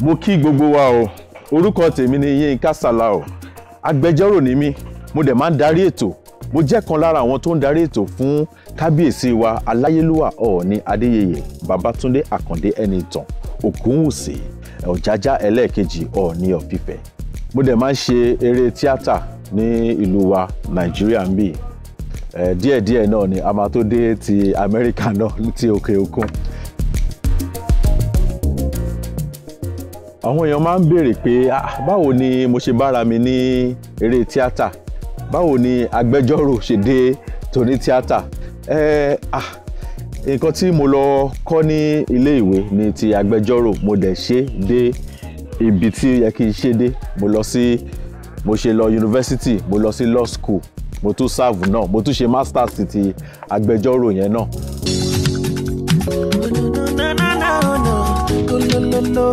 mo kí gbogbo wa o orúkọ tèmi ni Yínká Sàláò agbẹjọ́rò ni mí mo dẹ̀ máa ń darí ètò mo jẹ́ kan lára àwọn tó ń darí ètò fún kábíyèsí wa aláyélúwà ọ̀ọ́ni adéyẹyẹ babátúndé àkàndé ẹnìtàn ògúnwùsì ọ̀jájá ẹlẹ́ẹ̀kejì ọ̀ọ́ni of Ifẹ̀ mo dẹ̀ máa ń ṣe eré tíátà ní ìlú wa nàìjíríà ń bì díẹ̀díẹ̀ náà ni a máa tó dé ti amẹ́ríkà náà ti òkè òkun àwọn èèyàn máa ń béèrè pé báwo ni mo ṣe bára mi ní eré tíátà báwo ni agbẹjọ́rò ṣe dé tòní tíátà ah nǹkan tí mo lọ kọ́ ní ilé ìwé ni ti agbẹjọ́rò mo dẹ̀ ṣe dé ibi tí yẹ kí n ṣe dé mo lọ sí mo ṣe lọ yunifásitì mo lọ sí law school mo tún serve náà mo tún ṣe masters ti agbẹjọ́rò yẹn náà. no, no, no, no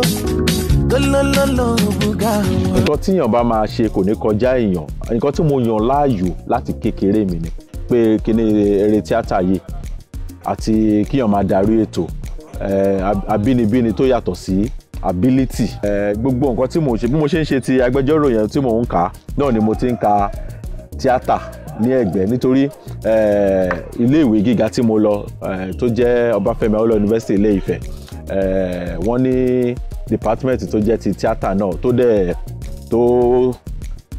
nǹkan tíyàn bá máa ṣe kò ní kọjá èèyàn nǹkan tí mo yàn láàyò láti kékeré mi ni pé kíní eré tíátà yìí àti kíyàn máa darí ètò àbínibíni eh, tó yàtọ̀ sí ability eh, gbogbo nǹkan tí mo ṣe bí mo ṣe ń ṣe ti agbẹjọ́rò yẹn tí mò ń kà náà ni mo ti ń ka tíátà ní ẹ̀gbẹ́ nítorí eh, ilé gíga tí mo lọ tó jẹ́ Ọbáfẹ́mi Awólọ́wọ̀ University Ilé Ifẹ̀ wọ́n ní department tó jẹ́ ti tíátà náà tó dẹ̀ tó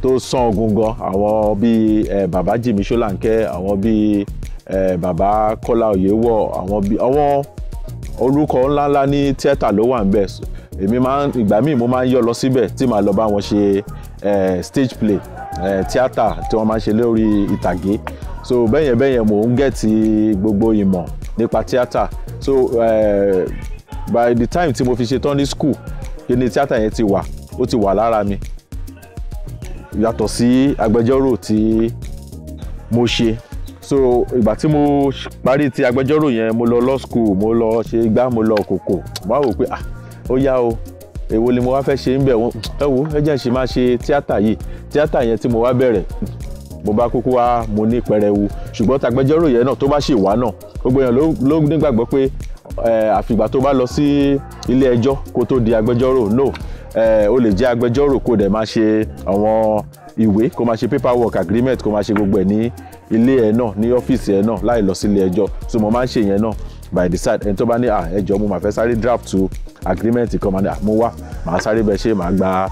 tó sàn gungan àwọn bíi eh, bàbá Jìmí Ṣólánkẹ́ àwọn bíi eh, bàbá Kọ́lá Oyèwọ̀ àwọn bíi àwọn orúkọ ńláńlá ní tíátà ló wà níbẹ̀ èmi máa ń ìgbà míì mo máa ń yọ lọ síbẹ̀ tí màá lọ bá wọn ṣe eh, stage play eh, tíátà tí wọ́n máa ń ṣe lórí ìtàgé so bẹ́yẹn bẹ́yẹn mò ń gẹ̀tì gbogbo ìmọ̀ nípa tíátà so eh, by the time tí mo fi ṣe tán school kíni tíátà yẹn ti wà ó ti wà lára mi yàtọ̀ sí agbẹjọ́rò tí mo ṣe so ìgbà tí mo parí ti agbẹjọ́rò yẹn mo lọ law school mo lọ ṣe igbá mo lọ kòkò wá wò pé ah ó yá o èwo ni mo wá fẹ́ ṣe ń bẹ̀ wọ́n ẹ wo ẹ jẹ́ ṣe máa ṣe tíátà yìí tíátà yẹn tí mo wá bẹ̀rẹ̀ mo bá kúkú wá mo ní pẹrẹwu ṣùgbọ́n tagbẹjọ́rò yẹn náà tó bá ṣì wá náà gbogbo èèyàn ló nígbàgbọ́ pé àfìgbà tó bá lọ sí ilé ẹjọ́ kó tó di agbẹjọ́rò no o lè jẹ́ agbẹjọ́rò kó dẹ̀ máa ṣe àwọn ìwé kó máa ṣe paperwork agreement kó máa ṣe gbogbo ẹ̀ ní ilé ẹ̀ náà ní ọ́fíìsì ẹ̀ náà láì lọ sí ilé ẹjọ́ so mo máa ń ṣe yẹn náà by the side ẹni tó bá ní à ẹjọ́ mo máa fẹ́ sáré draft to agreement kan máa ní à mo wá màá sáré bẹ ṣe màá gba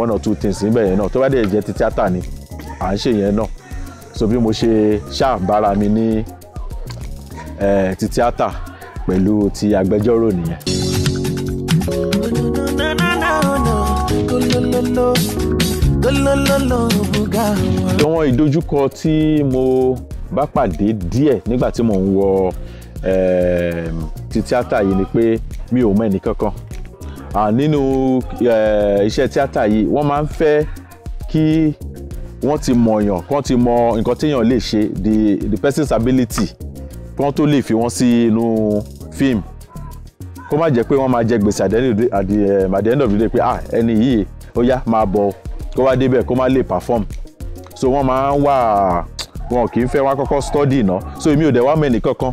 one or two things níbẹ̀ yẹn náà tó bá dẹ̀ jẹ́ ti tíátà ni à ń ṣe yẹn náà so bí mo ṣe ṣàbára mi ní ti tíátà pẹ̀lú ti agbẹjọ́rò nìyẹn. àwọn ìdojúkọ tí mo bá pàdé díẹ̀ nígbà tí mò ń wọ ehm, ti tíátà yìí ni pé mi ò mọ ẹnì kankan nínú iṣẹ́ tíátà yìí wọ́n máa ń fẹ́ kí wọ́n ti mọ̀yàn kán ti mọ nǹkan téèyàn lè ṣe the person's ability kán tó lè fi wọ́n sí inú fíìmù kó má jẹ́ pé wọ́n máa jẹ gbèsè eh, at the end of the day pé ah ẹni yìí ó yá máa bọ̀ kó wá débẹ̀ kó má lè perform so wọ́n máa ń wà wọn kì í fẹ́ wá kọ́kọ́ study ná so èmi ò dẹ̀ wá mẹ́ni kankan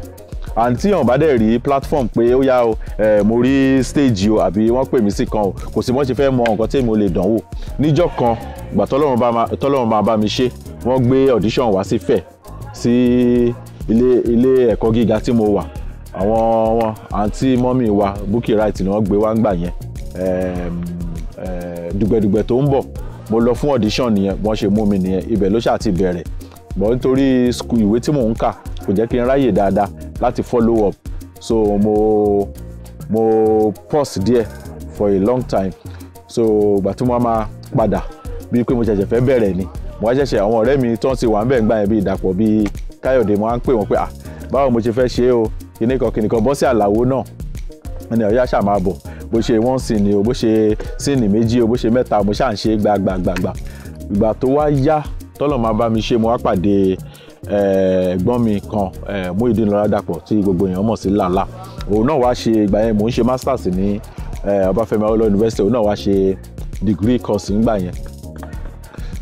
àǹtí ọ̀n bá dẹ̀ rí platform pé ó yá o eh, mo rí stage o àbí wọ́n pè mí sí kan o kò sí mọ́ ṣe fẹ́ mọ nǹkan tí èmi ò lè dánwò níjọ́ kan ìgbà tọ́lọ́run máa bá mi ṣe wọ́n gbé audition wá sí fẹ̀ sí ilé ilé ẹ̀kọ́ gíga tí mo wà àwọn wọn àǹtí mọ́mì wa Bukky Wright ni wọ́n gbé wá ńgbà yẹn dùgbẹ̀dùgbẹ̀ tó ń bọ̀ mo lọ fún audition nìyẹn wọ́n ṣe mú mi nìyẹn ibẹ̀ ló ṣáà ti bẹ̀rẹ̀ bọ̀ nítorí ìwé tí mò ń kà kò jẹ́ kí n ráyè dáadáa láti follow up so mo mo pause díẹ̀ for a long time so ìgbà tí wọ́n máa padà bíi pé mo ṣẹ̀ṣẹ̀ fẹ́ bẹ̀rẹ̀ ni mo wá ṣẹ̀ṣẹ̀ àwọn ọ̀rẹ́ mi tó ń ti wà ń bẹ̀ ń gbà yẹn bíi ìdàpọ̀ bíi káyọ̀dé mo wá ń pè wọ́n pé ah báwo mo ṣe fẹ́ ṣe é o kíní kan kíní kan Bọ́sẹ̀ Àlàó náà ẹni ọ̀yá ṣáà máa bọ̀ bó ṣe wọ́n sì ni o bó ṣe síìnì méjì o bó ṣe mẹ́ta mo ṣáà ń ṣe gbàgbàgbàgbà ìgbà tó wá yá tọ́lọ̀ máa bá mi ṣe mo wá pàdé ẹ̀gbọ́n mi kan Muyideen Ọládàpọ̀ tí gbogbo èèyàn mọ̀ sí làlà òun náà wá ṣe ìgbà yẹn mò ń ṣe masters ní Ọbáfẹ́mi Awólọ́wọ̀ University òun náà wá ṣe degree course ńgbà yẹn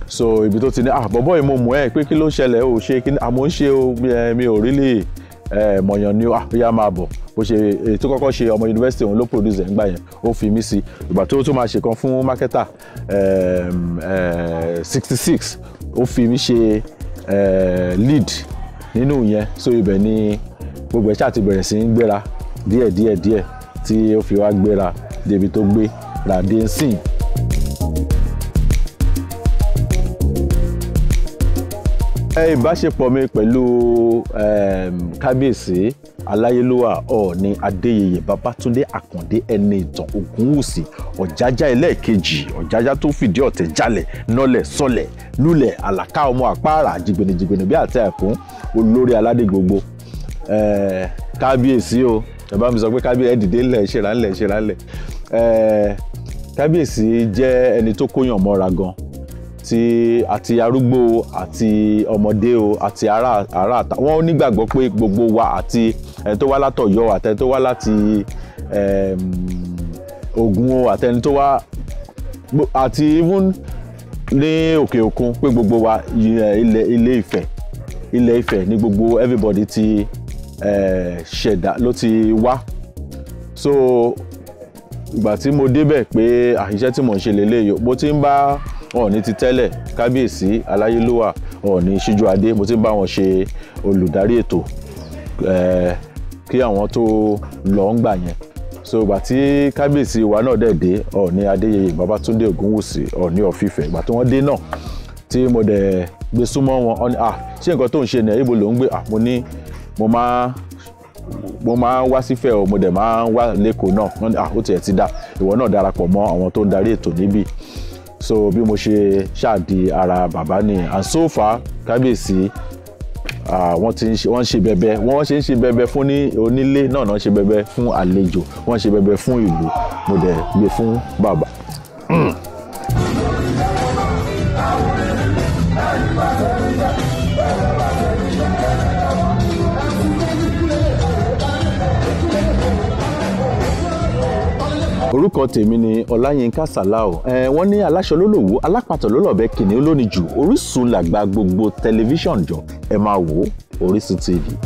so ibi tó ti ní ah bọ̀bọ́ yìí mo mọ̀ ẹ́ pé kí ló ṣẹlẹ̀ o ṣe kí ni àmọ́ ah, ń ṣe mi ò rí lè mọ̀yàn ni ah, ó yá máa bọ̀ bó ṣe tó kọ́kọ́ ṣe ọmọ yunifásitì òun ló produce ẹ̀ ńgbà yẹn ó fi mí sí ìgbà tó tó máa ṣe kan fún mákẹ́tà ehm, eh, sixty six ó fi mí ṣe eh, lead nínú yẹn so ibẹ̀ ni gbogbo ẹ̀ ṣáà ti bẹ̀rẹ̀ sí ń gbéra díẹ̀ díẹ̀ díẹ̀ tí ó fi wá gbéra débi tó gbé ràdé ìbáṣepọ̀ mi pẹ̀lú kábíyèsí aláyélúwà ọ̀ọ̀ni adéyẹyẹ babátúndé àkàndé ẹni ìtàn ògúnwùsì ọ̀jájá ẹlẹ́ẹ̀kejì ọ̀jájá tó fìdí ọ̀tẹ̀ jalẹ̀ nọlẹ̀ sọlẹ̀ lulẹ̀ àlàká ọmọ àpáàrà jìgbìnìjìgbìnì bí àti ẹ̀kún olórí aládé gbogbo kábíyèsí o ẹ bá mi sọ pé kábíyèsí ẹ̀dìdé ńlẹ̀ ṣèrànlẹ̀ ṣèrànlẹ̀ kábíyèsí jẹ́ ẹni tó kóyàn mọ́ra gan-an àti àti arúgbó àti ọmọdé o àti ará ará àta wọ́n nígbàgbọ́ pé gbogbo wa àti ẹni tó wá látọ̀yọ́ àtẹni tó wá láti Ògùn o àtẹni tó wá àti even ní òkè òkun pé gbogbo wa ilẹ̀ ilé Ifẹ̀ ilẹ̀ Ifẹ̀ ni gbogbo everybody ti ṣẹ̀dá ló ti wá so ìgbà tí mo débẹ̀ pé àṣìṣe tí mò ń ṣe lélẹ́yìí bó ti ń bá ọ̀ọ̀ni ti tẹ́lẹ̀ kábíyèsí aláyélúwà ọ̀ọ̀ni ṣíjú adé mo ti bá wọn ṣe olùdarí ètò kí àwọn tó lọ ń gbà yẹn so ìgbà tí kábíyèsí wa náà dẹ̀ dé ọ̀ọ̀ni adéyẹyẹ babátúndé ògúnwùsì ọ̀ọ̀ni ọ̀fìfẹ́ ìgbà tí wọ́n dé náà tí mo dẹ̀ gbé súnmọ́ wọn ọ ní à ṣé nǹkan tó ń ṣe nìyẹn ibo ló ń gbé à mo ní mo máa mo máa ń wá sífẹ̀ o mo dẹ̀ máa ń wá lẹ́kọ̀ọ́ náà wọ́n ní à ó tiẹ̀ ti dà ìwọ náà darapọ̀ mọ́ àwọn tó ń darí ètò níbí so bí mo ṣe ṣáàdì ara bàbá ni and so far kábíyèsí wọ́n ti wọ́n ṣe bẹ̀bẹ̀ wọ́n ṣe ń ṣe bẹ̀bẹ̀ fún ní onílé náà náà ṣe bẹ̀bẹ̀ fún àlejò wọ́n ṣe bẹ̀bẹ̀ fún ìlú mo dẹ̀ gbé fún bàbá. orúkọ tèmi ni ọláyínká sàláò ẹ eh, wọ́n ní aláṣọ lólòwò alápatà lólọ̀bẹ kìnìún lónìí jù orísun làgbà gbogbo tẹlifíṣàn jọ ẹ máa wò Orísun TV.